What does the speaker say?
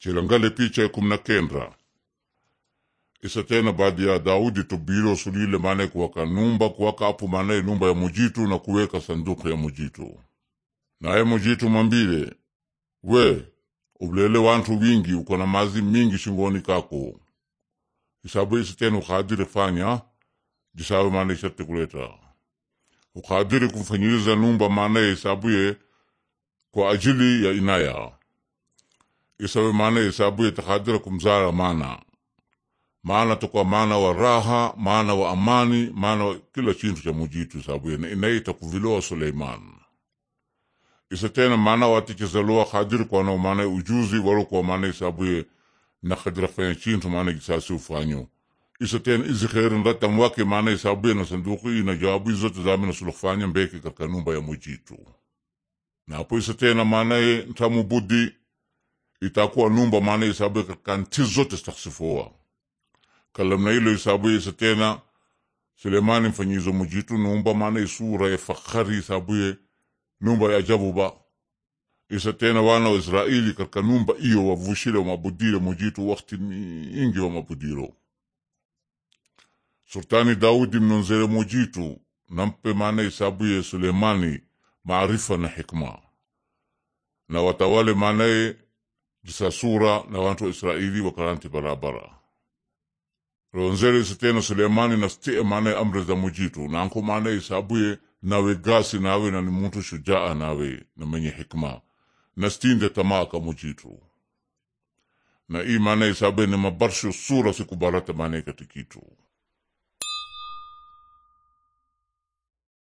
Chilangale picha ikumi na kenda isa tena baadi ya Daudi tobilo sulile mane kuwaka numba kuwaka apu mane numba ya mujitu na kuweka sanduku ya mujitu naye mujitu mwambile we ublele wantu wingi uko na mazi mingi shingoni kako isabu isa tena ukadire fanya jisawe mane ishate kuleta ukadire kumfanyiliza numba mane isabuye kwa ajili ya inaya isawe maana isabu ya kumzara kumzala maana maana takuwa maana wa raha maana wa amani maana wa kila chintu cha mujitu isabu na ina itakuviloa Suleiman isa tena maana watichezaloa kadiri kwana maana ujuzi warokuwa maana isabu na kadira fanya chintu maana kisasi ufanyo isa tena izi khairin ratam wake maana isabu na sanduku ina jawabu izote zamina sulufanya mbeke katika numba ya mujitu na apo isa tena maana tamu itakuwa numba maana isabu katika nchi zote zitakasifua kalamna ilo isabu isa tena Sulemani mfanyizo mujitu numba maana isura ya fakhari isabu isabue numba ya ajabu ba isa tena wana wa Israeli katika numba iyo wavushile wa wamabudile mujitu wakati mingi wamabudilo Sultani Daudi mnonzele mujitu nampe maana isabu isabue Sulemani maarifa na hikma na watawale maanaye jisasura na wantu wa Israili wakaranti barabara ronzere isitena Sulemani nastiye maanaye amri za mujitu nanko maanaye isabuye nawe gasi nawe nani muntu shujaa nawe na menye hikma nastinde tamaa ka mujitu na ii maanaye isabuye ni mabarshu sura sikubarate maanaye katikitu